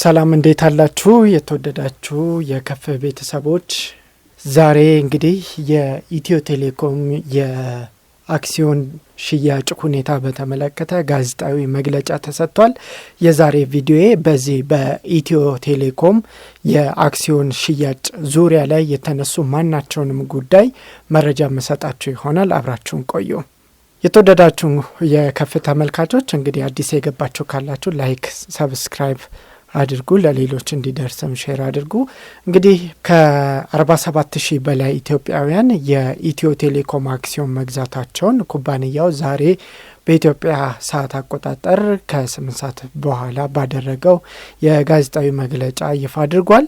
ሰላም እንዴት አላችሁ? የተወደዳችሁ የከፍ ቤተሰቦች ዛሬ እንግዲህ የኢትዮ ቴሌኮም የአክሲዮን ሽያጭ ሁኔታ በተመለከተ ጋዜጣዊ መግለጫ ተሰጥቷል። የዛሬ ቪዲዮዬ በዚህ በኢትዮ ቴሌኮም የአክሲዮን ሽያጭ ዙሪያ ላይ የተነሱ ማናቸውንም ጉዳይ መረጃ መሰጣችሁ ይሆናል። አብራችሁን ቆዩ። የተወደዳችሁ የከፍ ተመልካቾች እንግዲህ አዲስ የገባችሁ ካላችሁ ላይክ፣ ሰብስክራይብ አድርጉ፣ ለሌሎች እንዲደርስም ሼር አድርጉ። እንግዲህ ከ47 ሺህ በላይ ኢትዮጵያውያን የኢትዮ ቴሌኮም አክሲዮን መግዛታቸውን ኩባንያው ዛሬ በኢትዮጵያ ሰዓት አቆጣጠር ከስምንት ሰዓት በኋላ ባደረገው የጋዜጣዊ መግለጫ ይፋ አድርጓል።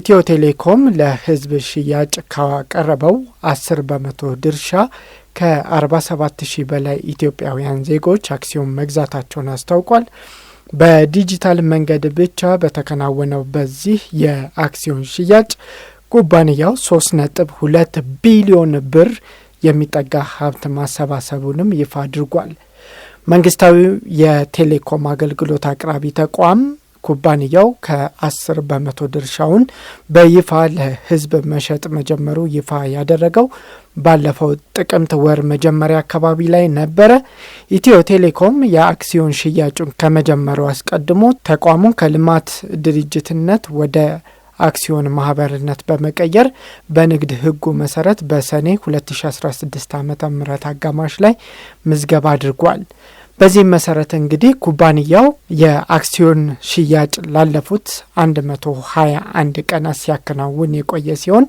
ኢትዮ ቴሌኮም ለሕዝብ ሽያጭ ካቀረበው አስር በመቶ ድርሻ ከ47 ሺህ በላይ ኢትዮጵያውያን ዜጎች አክሲዮን መግዛታቸውን አስታውቋል። በዲጂታል መንገድ ብቻ በተከናወነው በዚህ የአክሲዮን ሽያጭ ኩባንያው 3.2 ቢሊዮን ብር የሚጠጋ ሀብት ማሰባሰቡንም ይፋ አድርጓል። መንግስታዊው የቴሌኮም አገልግሎት አቅራቢ ተቋም ኩባንያው ከ10 በመቶ ድርሻውን በይፋ ለሕዝብ መሸጥ መጀመሩ ይፋ ያደረገው ባለፈው ጥቅምት ወር መጀመሪያ አካባቢ ላይ ነበረ። ኢትዮ ቴሌኮም የአክሲዮን ሽያጩን ከመጀመሩ አስቀድሞ ተቋሙን ከልማት ድርጅትነት ወደ አክሲዮን ማህበርነት በመቀየር በንግድ ህጉ መሰረት በሰኔ 2016 ዓ ም አጋማሽ ላይ ምዝገባ አድርጓል። በዚህም መሰረት እንግዲህ ኩባንያው የአክሲዮን ሽያጭ ላለፉት 121 ቀናት ሲያከናውን የቆየ ሲሆን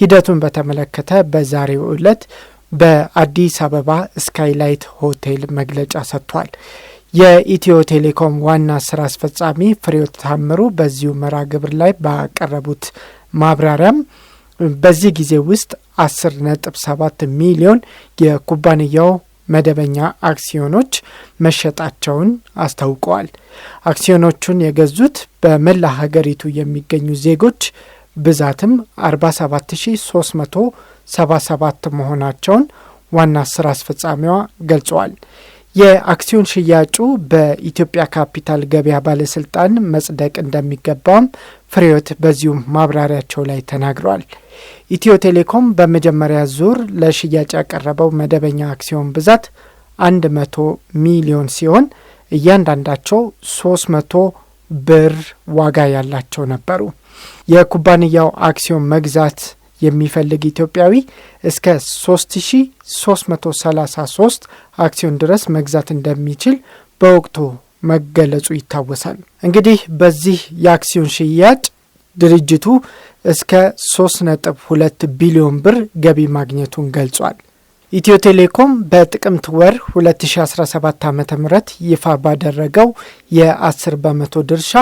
ሂደቱን በተመለከተ በዛሬው ዕለት በአዲስ አበባ ስካይላይት ሆቴል መግለጫ ሰጥቷል። የኢትዮ ቴሌኮም ዋና ስራ አስፈጻሚ ፍሬዎት ታምሩ በዚሁ መራ ግብር ላይ ባቀረቡት ማብራሪያም በዚህ ጊዜ ውስጥ 10 ነጥብ 7 ሚሊዮን የኩባንያው መደበኛ አክሲዮኖች መሸጣቸውን አስታውቀዋል። አክሲዮኖቹን የገዙት በመላ ሀገሪቱ የሚገኙ ዜጎች ብዛትም 47377 መሆናቸውን ዋና ስራ አስፈጻሚዋ ገልጸዋል። የአክሲዮን ሽያጩ በኢትዮጵያ ካፒታል ገበያ ባለስልጣን መጽደቅ እንደሚገባውም ፍሬዎት በዚሁም ማብራሪያቸው ላይ ተናግረዋል። ኢትዮ ቴሌኮም በመጀመሪያ ዙር ለሽያጭ ያቀረበው መደበኛ አክሲዮን ብዛት 100 ሚሊዮን ሲሆን እያንዳንዳቸው 300 ብር ዋጋ ያላቸው ነበሩ። የኩባንያው አክሲዮን መግዛት የሚፈልግ ኢትዮጵያዊ እስከ 3333 አክሲዮን ድረስ መግዛት እንደሚችል በወቅቱ መገለጹ ይታወሳል። እንግዲህ በዚህ የአክሲዮን ሽያጭ ድርጅቱ እስከ 3.2 ቢሊዮን ብር ገቢ ማግኘቱን ገልጿል። ኢትዮ ቴሌኮም በጥቅምት ወር 2017 ዓ ም ይፋ ባደረገው የ10 በመቶ ድርሻ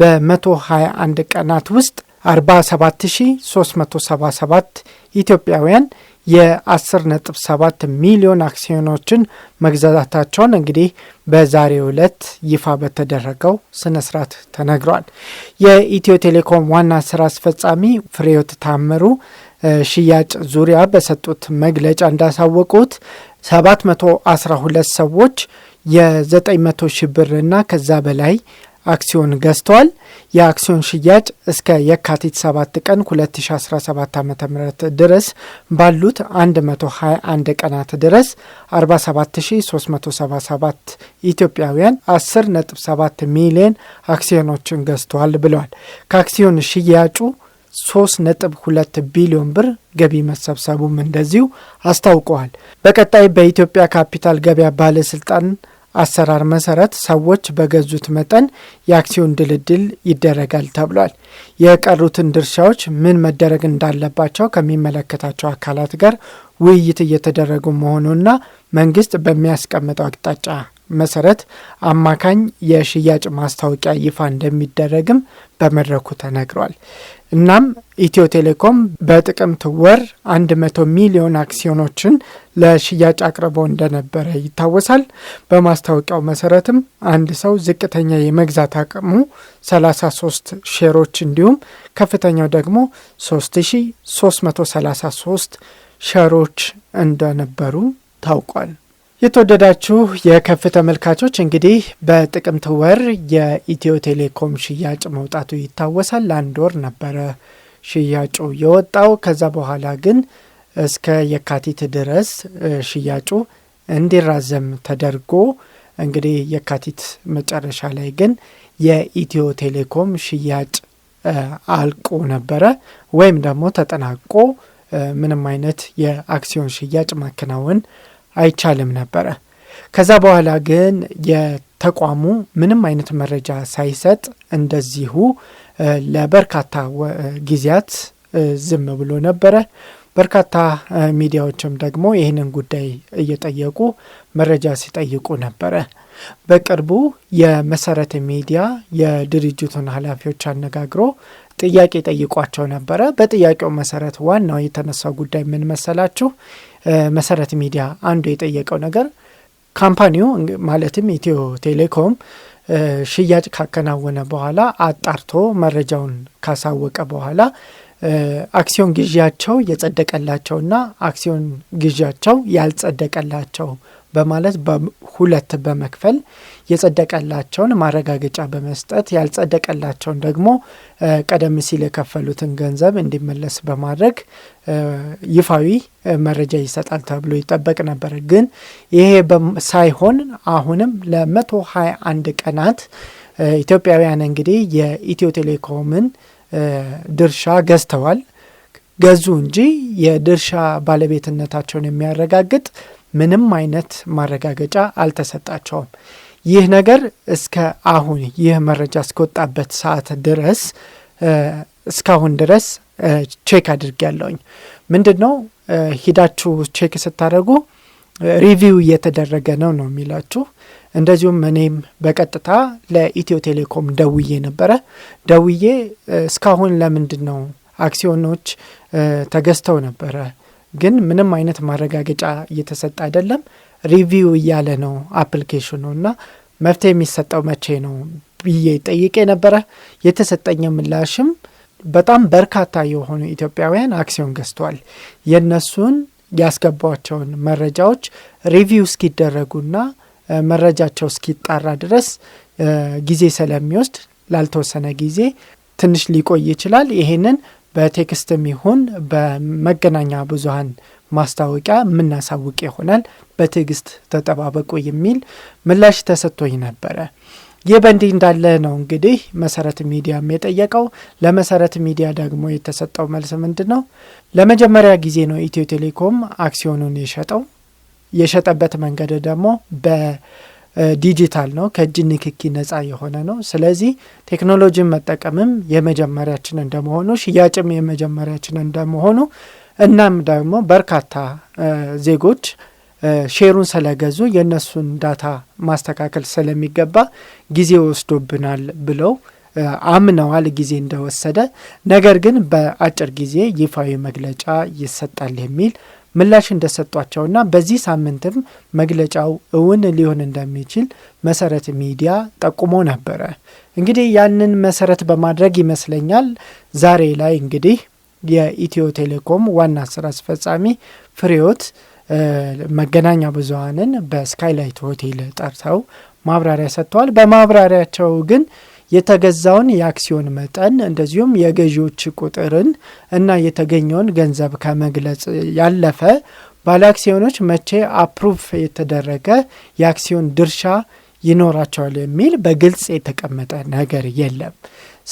በ121 ቀናት ውስጥ 47377 ኢትዮጵያውያን የ10.7 ሚሊዮን አክሲዮኖችን መግዛታቸውን እንግዲህ በዛሬው ዕለት ይፋ በተደረገው ስነ ስርዓት ተነግሯል። የኢትዮ ቴሌኮም ዋና ስራ አስፈጻሚ ፍሬዮት ታምሩ ሽያጭ ዙሪያ በሰጡት መግለጫ እንዳሳወቁት 712 ሰዎች የ900 ሺህ እና ከዛ በላይ አክሲዮን ገዝተዋል። የአክሲዮን ሽያጭ እስከ የካቲት 7 ቀን 2017 ዓ ም ድረስ ባሉት 121 ቀናት ድረስ 47377 ኢትዮጵያውያን 10.7 ሚሊዮን አክሲዮኖችን ገዝተዋል ብለዋል። ከአክሲዮን ሽያጩ 3.2 ቢሊዮን ብር ገቢ መሰብሰቡም እንደዚሁ አስታውቀዋል። በቀጣይ በኢትዮጵያ ካፒታል ገበያ ባለስልጣን አሰራር መሰረት ሰዎች በገዙት መጠን የአክሲዮን ድልድል ይደረጋል ተብሏል። የቀሩትን ድርሻዎች ምን መደረግ እንዳለባቸው ከሚመለከታቸው አካላት ጋር ውይይት እየተደረጉ መሆኑና መንግስት በሚያስቀምጠው አቅጣጫ መሰረት አማካኝ የሽያጭ ማስታወቂያ ይፋ እንደሚደረግም በመድረኩ ተነግሯል። እናም ኢትዮ ቴሌኮም በጥቅምት ወር 100 ሚሊዮን አክሲዮኖችን ለሽያጭ አቅርቦ እንደነበረ ይታወሳል። በማስታወቂያው መሰረትም አንድ ሰው ዝቅተኛ የመግዛት አቅሙ 33 ሼሮች እንዲሁም ከፍተኛው ደግሞ 3333 ሸሮች እንደነበሩ ታውቋል። የተወደዳችሁ የከፍ ተመልካቾች እንግዲህ በጥቅምት ወር የኢትዮ ቴሌኮም ሽያጭ መውጣቱ ይታወሳል። ለአንድ ወር ነበረ ሽያጩ የወጣው። ከዛ በኋላ ግን እስከ የካቲት ድረስ ሽያጩ እንዲራዘም ተደርጎ እንግዲህ የካቲት መጨረሻ ላይ ግን የኢትዮ ቴሌኮም ሽያጭ አልቆ ነበረ ወይም ደግሞ ተጠናቆ ምንም አይነት የአክሲዮን ሽያጭ ማከናወን አይቻልም ነበረ። ከዛ በኋላ ግን የተቋሙ ምንም አይነት መረጃ ሳይሰጥ እንደዚሁ ለበርካታ ጊዜያት ዝም ብሎ ነበረ። በርካታ ሚዲያዎችም ደግሞ ይህንን ጉዳይ እየጠየቁ መረጃ ሲጠይቁ ነበረ። በቅርቡ የመሰረተ ሚዲያ የድርጅቱን ኃላፊዎች አነጋግሮ ጥያቄ ጠይቋቸው ነበረ። በጥያቄው መሰረት ዋናው የተነሳው ጉዳይ ምን መሰላችሁ? መሰረት ሚዲያ አንዱ የጠየቀው ነገር ካምፓኒው ማለትም ኢትዮ ቴሌኮም ሽያጭ ካከናወነ በኋላ አጣርቶ መረጃውን ካሳወቀ በኋላ አክሲዮን ግዢያቸው የጸደቀላቸውና አክሲዮን ግዢያቸው ያልጸደቀላቸው በማለት በሁለት በመክፈል የጸደቀላቸውን ማረጋገጫ በመስጠት ያልጸደቀላቸውን ደግሞ ቀደም ሲል የከፈሉትን ገንዘብ እንዲመለስ በማድረግ ይፋዊ መረጃ ይሰጣል ተብሎ ይጠበቅ ነበር። ግን ይሄ ሳይሆን አሁንም ለመቶ ሃያ አንድ ቀናት ኢትዮጵያውያን እንግዲህ የኢትዮ ቴሌኮምን ድርሻ ገዝተዋል። ገዙ እንጂ የድርሻ ባለቤትነታቸውን የሚያረጋግጥ ምንም አይነት ማረጋገጫ አልተሰጣቸውም። ይህ ነገር እስከ አሁን ይህ መረጃ እስከወጣበት ሰዓት ድረስ እስካሁን ድረስ ቼክ አድርግ ያለውኝ ምንድን ነው ሂዳችሁ ቼክ ስታደርጉ ሪቪው እየተደረገ ነው ነው የሚላችሁ። እንደዚሁም እኔም በቀጥታ ለኢትዮ ቴሌኮም ደውዬ ነበረ። ደውዬ እስካሁን ለምንድን ነው አክሲዮኖች ተገዝተው ነበረ፣ ግን ምንም አይነት ማረጋገጫ እየተሰጠ አይደለም፣ ሪቪው እያለ ነው አፕሊኬሽኑ እና መፍትሄ የሚሰጠው መቼ ነው ብዬ ጠይቄ ነበረ። የተሰጠኝ ምላሽም በጣም በርካታ የሆኑ ኢትዮጵያውያን አክሲዮን ገዝተዋል። የነሱን ያስገቧቸውን መረጃዎች ሪቪው እስኪደረጉና መረጃቸው እስኪጣራ ድረስ ጊዜ ስለሚወስድ ላልተወሰነ ጊዜ ትንሽ ሊቆይ ይችላል። ይሄንን በቴክስትም ይሁን በመገናኛ ብዙሀን ማስታወቂያ የምናሳውቅ ይሆናል። በትዕግስት ተጠባበቁ የሚል ምላሽ ተሰጥቶኝ ነበረ። ይህ በእንዲህ እንዳለ ነው እንግዲህ መሰረት ሚዲያም የጠየቀው። ለመሰረት ሚዲያ ደግሞ የተሰጠው መልስ ምንድን ነው? ለመጀመሪያ ጊዜ ነው ኢትዮ ቴሌኮም አክሲዮኑን የሸጠው። የሸጠበት መንገድ ደግሞ በዲጂታል ነው፣ ከእጅ ንክኪ ነጻ የሆነ ነው። ስለዚህ ቴክኖሎጂን መጠቀምም የመጀመሪያችን እንደመሆኑ፣ ሽያጭም የመጀመሪያችን እንደመሆኑ እናም ደግሞ በርካታ ዜጎች ሼሩን ስለገዙ የእነሱን ዳታ ማስተካከል ስለሚገባ ጊዜ ወስዶብናል ብለው አምነዋል። ጊዜ እንደወሰደ ነገር ግን በአጭር ጊዜ ይፋዊ መግለጫ ይሰጣል የሚል ምላሽ እንደሰጧቸውና በዚህ ሳምንትም መግለጫው እውን ሊሆን እንደሚችል መሰረት ሚዲያ ጠቁሞ ነበረ። እንግዲህ ያንን መሰረት በማድረግ ይመስለኛል ዛሬ ላይ እንግዲህ የኢትዮ ቴሌኮም ዋና ስራ አስፈጻሚ ፍሬዎት መገናኛ ብዙሀንን በስካይላይት ሆቴል ጠርተው ማብራሪያ ሰጥተዋል። በማብራሪያቸው ግን የተገዛውን የአክሲዮን መጠን እንደዚሁም የገዢዎች ቁጥርን እና የተገኘውን ገንዘብ ከመግለጽ ያለፈ ባለ አክሲዮኖች መቼ አፕሩቭ የተደረገ የአክሲዮን ድርሻ ይኖራቸዋል የሚል በግልጽ የተቀመጠ ነገር የለም።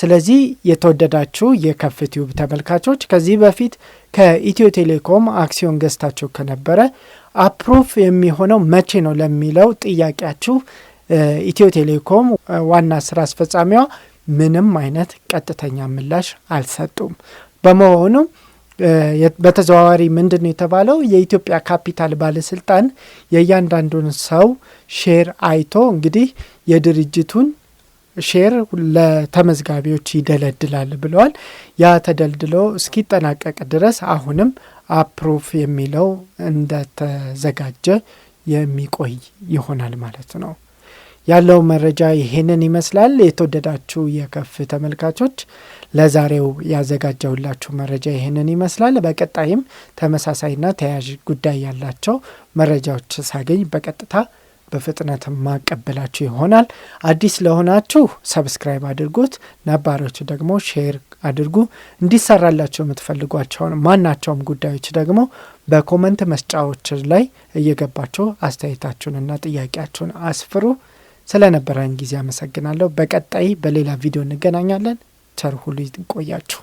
ስለዚህ የተወደዳችሁ የከፍትዩብ ተመልካቾች ከዚህ በፊት ከኢትዮ ቴሌኮም አክሲዮን ገዝታችሁ ከነበረ አፕሩፍ የሚሆነው መቼ ነው ለሚለው ጥያቄያችሁ ኢትዮ ቴሌኮም ዋና ስራ አስፈጻሚዋ ምንም አይነት ቀጥተኛ ምላሽ አልሰጡም። በመሆኑ በተዘዋዋሪ ምንድን ነው የተባለው? የኢትዮጵያ ካፒታል ባለስልጣን የእያንዳንዱን ሰው ሼር አይቶ እንግዲህ የድርጅቱን ሼር ለተመዝጋቢዎች ይደለድላል ብለዋል። ያ ተደልድሎ እስኪጠናቀቅ ድረስ አሁንም አፕሩፍ የሚለው እንደተዘጋጀ የሚቆይ ይሆናል ማለት ነው። ያለው መረጃ ይሄንን ይመስላል። የተወደዳችሁ የከፍ ተመልካቾች ለዛሬው ያዘጋጀውላችሁ መረጃ ይሄንን ይመስላል። በቀጣይም ተመሳሳይና ተያያዥ ጉዳይ ያላቸው መረጃዎች ሳገኝ በቀጥታ በፍጥነት ማቀበላችሁ ይሆናል። አዲስ ለሆናችሁ ሰብስክራይብ አድርጉት፣ ነባሪዎቹ ደግሞ ሼር አድርጉ። እንዲሰራላቸው የምትፈልጓቸውን ማናቸውም ጉዳዮች ደግሞ በኮመንት መስጫዎች ላይ እየገባችሁ አስተያየታችሁንና ጥያቄያችሁን አስፍሩ። ስለነበረን ጊዜ አመሰግናለሁ። በቀጣይ በሌላ ቪዲዮ እንገናኛለን። ቸር ሁሉ ይቆያችሁ።